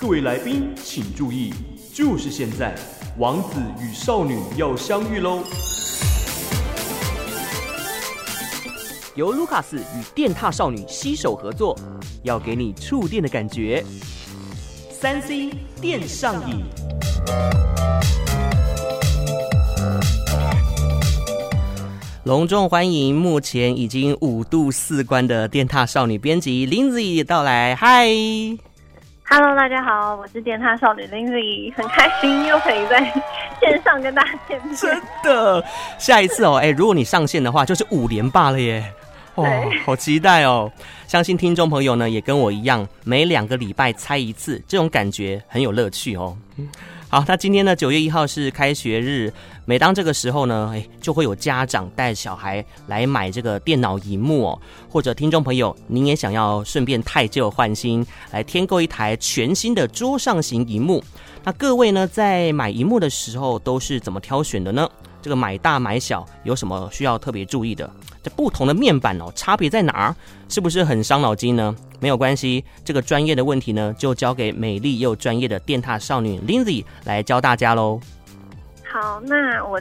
各位來賓請注意，就是現在，王子與少女要相遇嘍！由盧卡斯與電踏少女攜手合作，要給你觸電的感覺。三 C 電上癮，隆重歡迎目前已經五度四關的電踏少女編輯林子怡到來，嗨！Hello，大家好，我是電他少女 Lily，很開心又可以在線上跟大家見面。 真的，下一次哦，哎、欸，如果你上線的話，就是五連霸了耶。哦對好期待哦！相信聽眾朋友呢，也跟我一樣，每兩個禮拜猜一次，這種感覺很有樂趣哦。 好，那今天呢，九月一號是開學日。每當這個時候呢，哎，就會有家長帶小孩來買這個電腦螢幕，哦，或者聽眾朋友，您也想要順便汰舊換新，來添購一台全新的桌上型螢幕。那各位呢，在買螢幕的時候都是怎麼挑選的呢？這個買大買小有什麼需要特別注意的？這不同的面板哦，差別在哪兒？是不是很傷腦筋呢？沒有關係，這個專業的問題呢，就交給美麗又專業的電獺少女 Lindsay 來教大家嘍。好，那我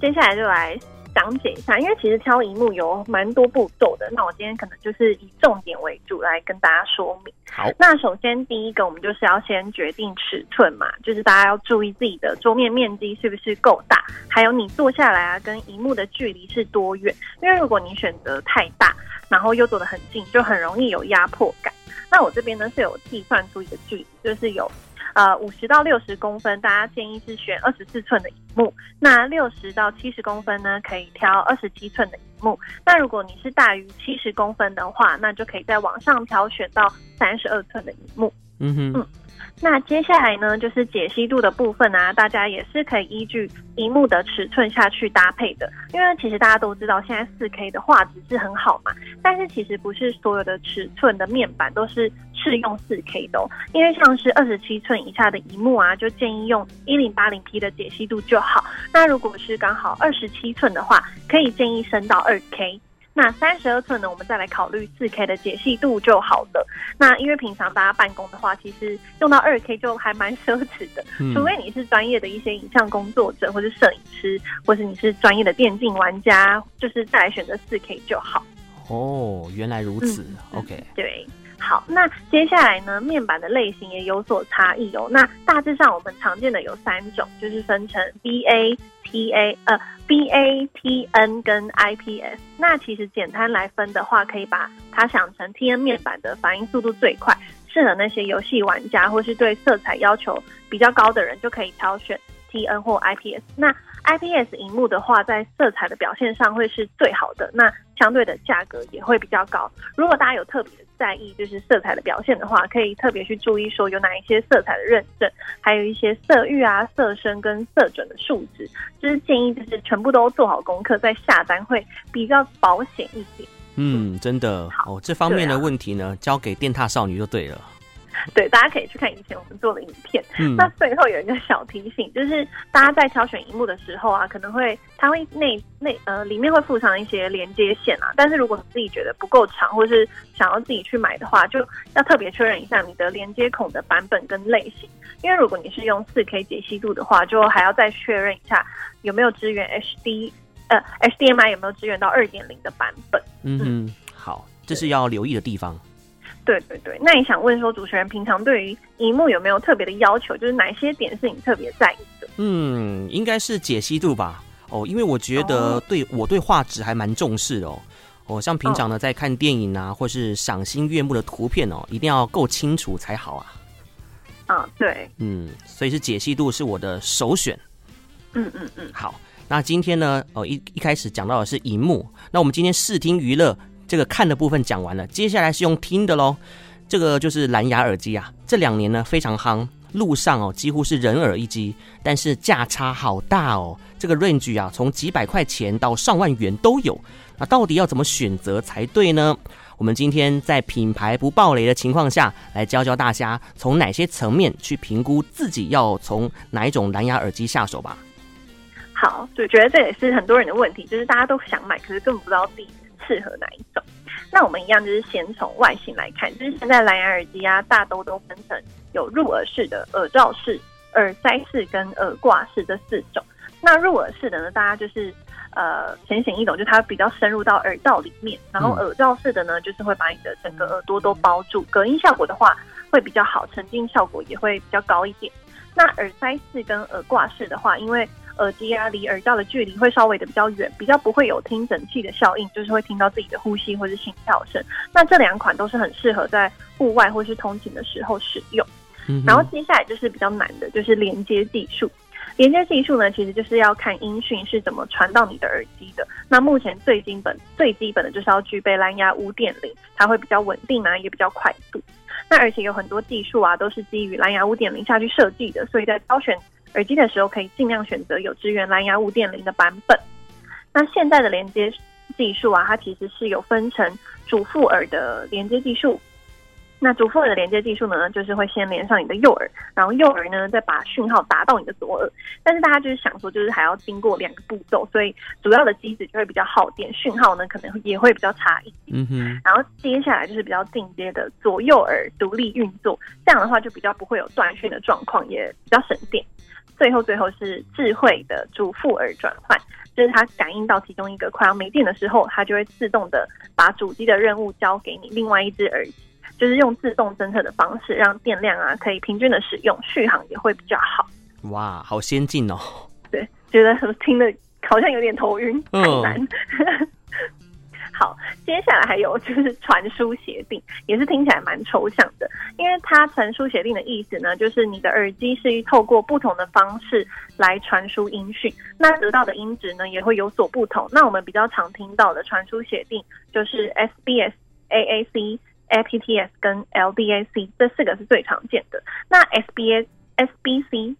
接下來就來。講解一下，因為其實挑熒幕有蠻多步驟的，那我今天可能就是以重點為主來跟大家說明。好，那首先第一個，我們就是要先決定尺寸嘛，就是大家要注意自己的桌面面積是不是夠大，還有你坐下來啊，跟熒幕的距離是多遠。因為如果你選擇太大，然後又坐得很近，就很容易有壓迫感。那我這邊呢是有計算出一個距離，就是有。呃，五十到六十公分，大家建議是選二十四寸的螢幕。那六十到七十公分呢，可以挑二十七寸的螢幕。那如果你是大於七十公分的話，那就可以再往上挑選到三十二寸的螢幕。嗯哼。嗯那接下來呢，就是解析度的部分啊，大家也是可以依據熒幕的尺寸下去搭配的。因為其實大家都知道，現在 4K 的畫質是很好嘛，但是其實不是所有的尺寸的面板都是適用 4K 的哦。因為像是二十七寸以下的熒幕啊，就建議用 1080P 的解析度就好。那如果是剛好二十七寸的話，可以建議升到 2K。那三十二寸呢？我們再來考慮四 K 的解析度就好了。那因為平常大家辦公的話，其實用到二 K 就還蠻奢侈的，除非你是專業的一些影像工作者，或是攝影師，或是你是專業的電競玩家，就是再來選擇四 K 就好。哦，原來如此。嗯，OK。對。好，那接下來呢，面板的類型也有所差異哦。那大致上，我們常見的有三種，就是分成 B A T A，呃，B A T N 跟 I P S。那其實簡單來分的話，可以把它想成 T N 面板的反應速度最快，適合那些遊戲玩家或是對色彩要求比較高的人就可以挑選。D N 或 I P S，那 I P S 熒幕的話，在色彩的表現上會是最好的，那相對的價格也會比較高。如果大家有特別在意就是色彩的表現的話，可以特別去注意說有哪一些色彩的認證，還有一些色域啊、色深跟色準的數值，就是建議就是全部都做好功課再下單，會比較保險一點。嗯，真的，哦、好、啊、這方面的問題呢，交給電獺少女就對了。對，大家可以去看以前我們做的影片。嗯，那最後有一個小提醒，就是大家在挑選熒幕的時候啊，可能會它會內內呃裡面會附上一些連接線啊，但是如果你自己覺得不夠長，或是想要自己去買的話，就要特別確認一下你的連接孔的版本跟類型，因為如果你是用四 K 解析度的話，就還要再確認一下有沒有支援 H D 呃 H D M I 有沒有支援到二點零的版本。嗯，好，這是要留意的地方。對對對，那你想問說，主持人平常對於熒幕有沒有特別的要求？就是哪些點是你特別在意的？嗯，應該是解析度吧。哦，因為我覺得對、哦、我對畫質還蠻重視的哦。哦，像平常呢、哦、在看電影啊，或是賞心悅目的圖片哦，一定要夠清楚才好啊。啊、哦，對，嗯，所以是解析度是我的首選。嗯嗯嗯，嗯嗯，好，那今天呢，哦一一開始講到的是熒幕，那我們今天視聽娛樂。這個看的部分講完了，接下來是用聽的嘍。這個就是藍牙耳機啊，這兩年呢，非常夯，路上哦幾乎是人耳一機，但是價差好大哦。這個 range 啊，從幾百塊錢到上萬元都有。那到底要怎麼選擇才對呢？我們今天在品牌不爆雷的情況下，來教教大家從哪些層面去評估自己要從哪一種藍牙耳機下手吧。好，就覺得這也是很多人的問題，就是大家都想買，可是根本不知道自己適合哪一種？那我們一樣就是先從外形來看，就是現在藍牙耳機啊，大多都分成有入耳式的、耳罩式、耳塞式跟耳掛式這四種。那入耳式的呢，大家就是呃淺顯易懂，就是它比較深入到耳道裡面；然後耳罩式的呢，就是會把你的整個耳朵都包住，隔音效果的話會比較好，沉浸效果也會比較高一點。那耳塞式跟耳掛式的話，因為耳機啊，離耳道的距離會稍微的比較遠，比較不會有聽診器的效應，就是會聽到自己的呼吸或是心跳聲。那這兩款都是很適合在戶外或是通勤的時候使用。嗯、哼然後接下來就是比較難的，就是連接技術。連接技術呢，其實就是要看音訊是怎麼傳到你的耳機的。那目前最基本、最基本的就是要具備藍牙五點零，它會比較穩定啊，也比較快速。那而且有很多技術啊，都是基於藍牙五點零下去設計的，所以在挑選。耳機的時候，可以盡量選擇有支援藍牙五點零的版本。那現在的連接技術啊，它其實是有分成主副耳的連接技術。那主副耳的連接技術呢，就是會先連上你的右耳，然後右耳呢再把訊號打到你的左耳。但是大家就是想說，就是還要經過兩個步驟，所以主要的機子就會比較耗電，訊號呢可能也會比較差一點。嗯哼。然後接下來就是比較進階的左右耳獨立運作，這樣的話就比較不會有斷訊的狀況，也比較省電。最後，最後是智慧的主副耳轉換，就是它感應到其中一個快要沒電的時候，它就會自動的把主機的任務交給你另外一只耳機，就是用自動偵測的方式，讓電量啊可以平均的使用，續航也會比較好。哇，好先進哦！對，覺得聽得好像有點頭暈，太、嗯、還難。 好，接下來還有就是傳輸協定，也是聽起來蠻抽象的。因為它傳輸協定的意思呢，就是你的耳機是透過不同的方式來傳輸音訊，那得到的音質呢也會有所不同。那我們比較常聽到的傳輸協定就是 SBC、AAC、aptX 跟 LDAC 這四個是最常見的。那 SBSBC。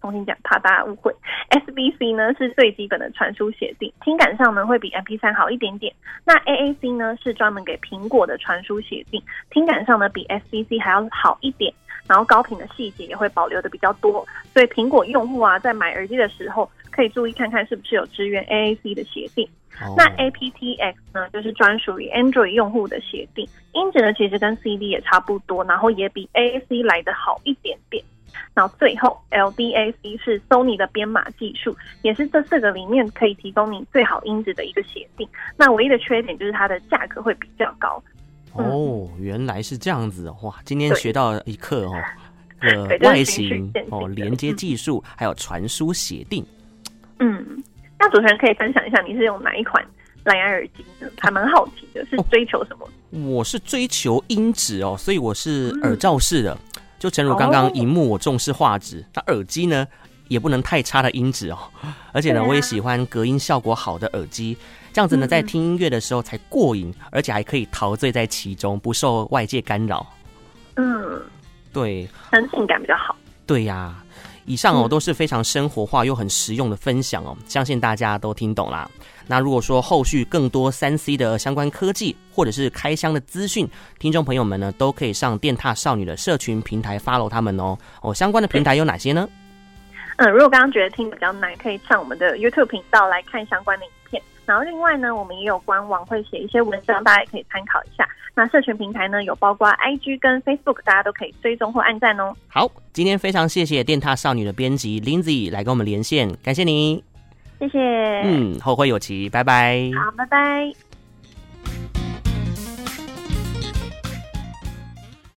重新講，怕大家誤會。SBC 呢是最基本的傳輸協定，聽感上呢會比 MP3 好一點點。那 AAC 呢是專門給蘋果的傳輸協定，聽感上呢比 SBC 還要好一點，然後高頻的細節也會保留的比較多。所以蘋果用戶啊，在買耳機的時候可以注意看看是不是有支援 AAC 的協定。Oh. 那 aptX 呢就是專屬於 Android 用戶的協定，音質呢其實跟 CD 也差不多，然後也比 AAC 來得好一點點。那後最後，LDAC 是 Sony 的編碼技術，也是這四個裡面可以提供你最好音質的一個協定。那唯一的缺點就是它的價格會比較高。哦，原來是這樣子的哇！今天學到一課哦，呃，外形哦，連接技術、嗯、還有傳輸協定嗯。嗯，那主持人可以分享一下，你是用哪一款藍牙耳機的？還蠻好奇的，啊、是追求什麼、哦？我是追求音質哦，所以我是耳罩式的。嗯就誠如剛剛，熒幕我重視畫質，那、哦嗯、耳機呢也不能太差的音質哦。而且呢，啊、我也喜歡隔音效果好的耳機，這樣子呢，在聽音樂的時候才過癮，嗯、而且還可以陶醉在其中，不受外界干擾。嗯，對，沉浸感比較好。對呀、啊。以上哦，都是非常生活化又很實用的分享哦，相信大家都聽懂啦。那如果說後續更多三 C 的相關科技或者是開箱的資訊，聽眾朋友們呢都可以上電踏少女的社群平台 follow 他們哦。哦，相關的平台有哪些呢？嗯，如果剛剛覺得聽比較難，可以上我們的 YouTube 頻道來看相關的。然後另外呢，我們也有官網會寫一些文章，大家也可以參考一下。那社群平台呢，有包括 IG 跟 Facebook，大家都可以追蹤或按讚哦。好，今天非常謝謝電獺少女的編輯 Lindsay 來跟我們連線，感謝你，謝謝，嗯，後會有期，拜拜，好，拜拜。